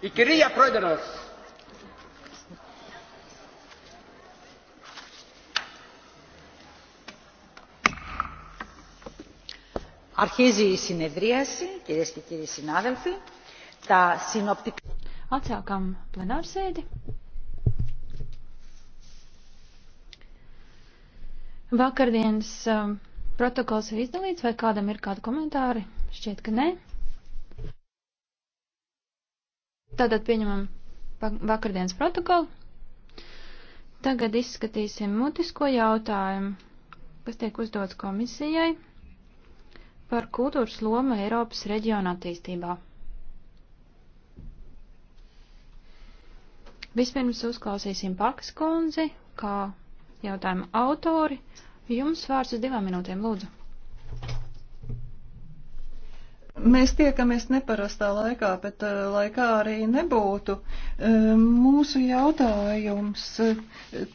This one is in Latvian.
Η κυρία Πρόεδρος. Αρχίζει η συνεδρίαση, κυρίες και κύριοι συνάδελφοι. Τα συνοπτικά... Atsākam plenārsēdi. Vakardienas um, protokols ir izdalīts, vai kādam ir kādi komentāri? Šķiet, ka nē. Tātad pieņemam vakardienas protokolu. Tagad izskatīsim mutisko jautājumu, kas tiek uzdots komisijai par kultūras lomu Eiropas reģiona attīstībā. Vispirms uzklausīsim Pakas kundzi, kā jautājuma autori. Jums vārds uz divām minūtēm, lūdzu. Mēs tiekamies neparastā laikā, bet eh, laikā arī nebūtu. Eh, mūsu jautājums eh,